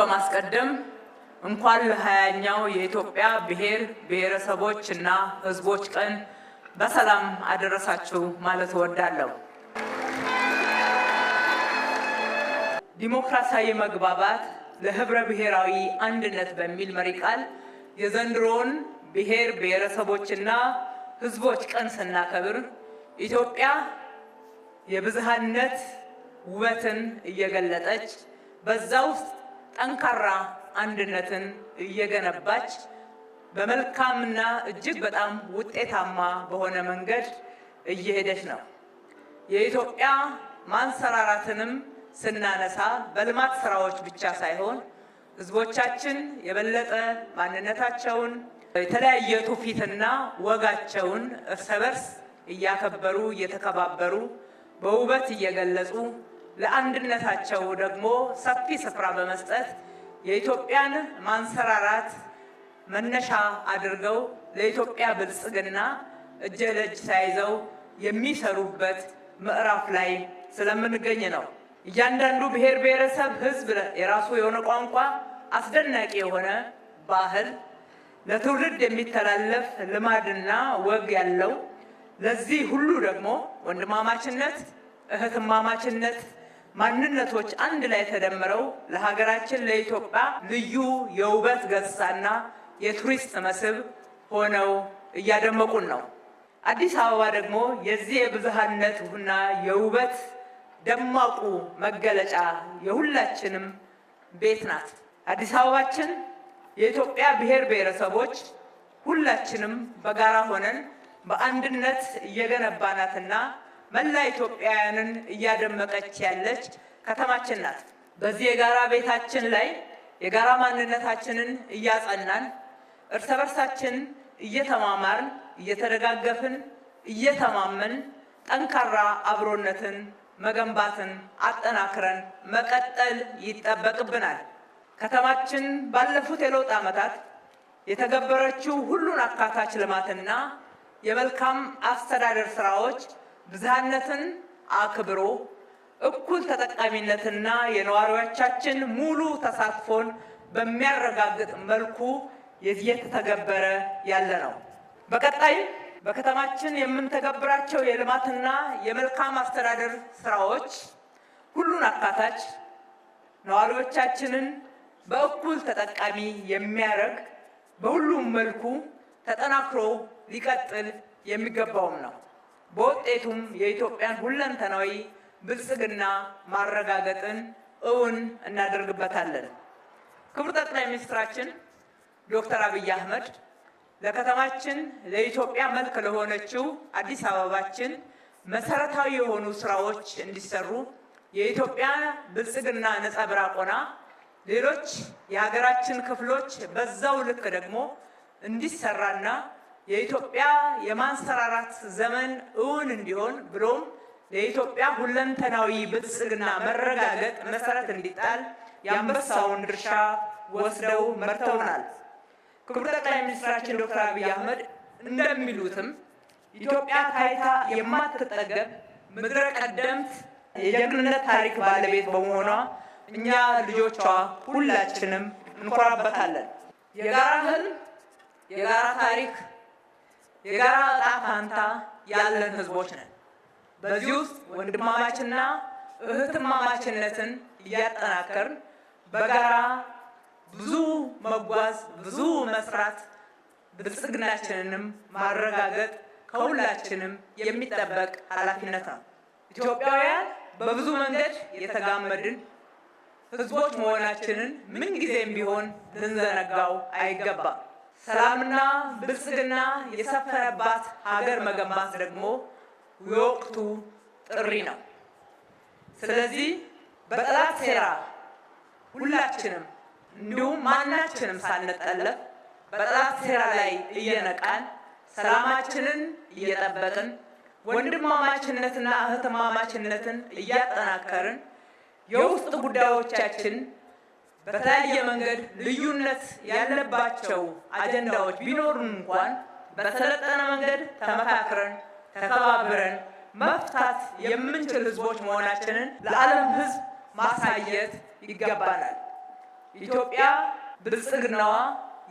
በማስቀደም እንኳን ለሀያኛው የኢትዮጵያ ብሔር ብሔረሰቦች እና ሕዝቦች ቀን በሰላም አደረሳችሁ ማለት እወዳለሁ። ዲሞክራሲያዊ መግባባት ለህብረ ብሔራዊ አንድነት በሚል መሪ ቃል የዘንድሮውን ብሔር ብሔረሰቦችና ህዝቦች ቀን ስናከብር ኢትዮጵያ የብዝሃነት ውበትን እየገለጠች በዛ ውስጥ ጠንካራ አንድነትን እየገነባች በመልካምና እጅግ በጣም ውጤታማ በሆነ መንገድ እየሄደች ነው። የኢትዮጵያ ማንሰራራትንም ስናነሳ በልማት ስራዎች ብቻ ሳይሆን ህዝቦቻችን የበለጠ ማንነታቸውን የተለያየ ትውፊትና ወጋቸውን እርስ በርስ እያከበሩ እየተከባበሩ በውበት እየገለጹ ለአንድነታቸው ደግሞ ሰፊ ስፍራ በመስጠት የኢትዮጵያን ማንሰራራት መነሻ አድርገው ለኢትዮጵያ ብልጽግና እጅ ለእጅ ተያይዘው የሚሰሩበት ምዕራፍ ላይ ስለምንገኝ ነው። እያንዳንዱ ብሔር ብሔረሰብ፣ ህዝብ የራሱ የሆነ ቋንቋ፣ አስደናቂ የሆነ ባህል፣ ለትውልድ የሚተላለፍ ልማድና ወግ ያለው ለዚህ ሁሉ ደግሞ ወንድማማችነት እህትማማችነት ማንነቶች አንድ ላይ ተደምረው ለሀገራችን ለኢትዮጵያ ልዩ የውበት ገጽታና የቱሪስት መስህብ ሆነው እያደመቁን ነው። አዲስ አበባ ደግሞ የዚህ የብዝሃነት ና የውበት ደማቁ መገለጫ የሁላችንም ቤት ናት። አዲስ አበባችን የኢትዮጵያ ብሔር ብሔረሰቦች ሁላችንም በጋራ ሆነን በአንድነት እየገነባናትና መላ ኢትዮጵያውያንን እያደመቀች ያለች ከተማችን ናት። በዚህ የጋራ ቤታችን ላይ የጋራ ማንነታችንን እያጸናን እርስ በርሳችን እየተማማርን እየተደጋገፍን እየተማመን ጠንካራ አብሮነትን መገንባትን አጠናክረን መቀጠል ይጠበቅብናል። ከተማችን ባለፉት የለውጥ ዓመታት የተገበረችው ሁሉን አካታች ልማትና የመልካም አስተዳደር ስራዎች ብዝሃነትን አክብሮ እኩል ተጠቃሚነትና የነዋሪዎቻችን ሙሉ ተሳትፎን በሚያረጋግጥ መልኩ እየተተገበረ ያለ ነው። በቀጣይ በከተማችን የምንተገብራቸው የልማትና የመልካም አስተዳደር ስራዎች ሁሉን አካታች፣ ነዋሪዎቻችንን በእኩል ተጠቃሚ የሚያደርግ በሁሉም መልኩ ተጠናክሮ ሊቀጥል የሚገባውም ነው። በውጤቱም የኢትዮጵያን ሁለንተናዊ ብልጽግና ማረጋገጥን እውን እናደርግበታለን። ክቡር ጠቅላይ ሚኒስትራችን ዶክተር አብይ አህመድ ለከተማችን ለኢትዮጵያ መልክ ለሆነችው አዲስ አበባችን መሰረታዊ የሆኑ ስራዎች እንዲሰሩ የኢትዮጵያ ብልጽግና ነጸብራቆና ሌሎች የሀገራችን ክፍሎች በዛው ልክ ደግሞ እንዲሰራና የኢትዮጵያ የማንሰራራት ዘመን እውን እንዲሆን ብሎም ለኢትዮጵያ ሁለንተናዊ ብልጽግና መረጋገጥ መሰረት እንዲጣል የአንበሳውን ድርሻ ወስደው መርተውናል። ክቡር ጠቅላይ ሚኒስትራችን ዶክተር አብይ አህመድ እንደሚሉትም ኢትዮጵያ ታይታ የማትጠገብ ምድረ ቀደምት የጀግንነት ታሪክ ባለቤት በመሆኗ እኛ ልጆቿ ሁላችንም እንኮራበታለን። የጋራ ህልም፣ የጋራ ታሪክ የጋራ እጣ ፋንታ ያለን ህዝቦች ነን። በዚህ ውስጥ ወንድማማችና እህትማማችነትን እያጠናከርን በጋራ ብዙ መጓዝ፣ ብዙ መስራት፣ ብልጽግናችንንም ማረጋገጥ ከሁላችንም የሚጠበቅ ኃላፊነት ነው። ኢትዮጵያውያን በብዙ መንገድ የተጋመድን ህዝቦች መሆናችንን ምንጊዜም ቢሆን ልንዘነጋው አይገባም። ሰላምና ብልጽግና የሰፈነባት ሀገር መገንባት ደግሞ የወቅቱ ጥሪ ነው። ስለዚህ በጠላት ሴራ ሁላችንም እንዲሁም ማናችንም ሳንጠለፍ በጠላት ሴራ ላይ እየነቃን ሰላማችንን እየጠበቅን ወንድማማችነትና እህትማማችነትን እያጠናከርን የውስጥ ጉዳዮቻችን በተለያየ መንገድ ልዩነት ያለባቸው አጀንዳዎች ቢኖሩን እንኳን በሰለጠነ መንገድ ተመካክረን ተከባብረን መፍታት የምንችል ህዝቦች መሆናችንን ለዓለም ህዝብ ማሳየት ይገባናል። ኢትዮጵያ ብልጽግናዋ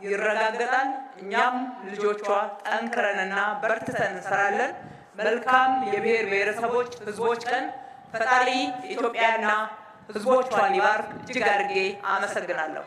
ይረጋገጣል። እኛም ልጆቿ ጠንክረንና በርትተን እንሰራለን። መልካም የብሔር ብሔረሰቦች ህዝቦች ቀን። ፈጣሪ ኢትዮጵያና ህዝቦቿን ይባርክ። እጅግ አድርጌ አመሰግናለሁ።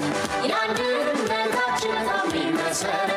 sen İnan gülümde kaçırdın bilmesen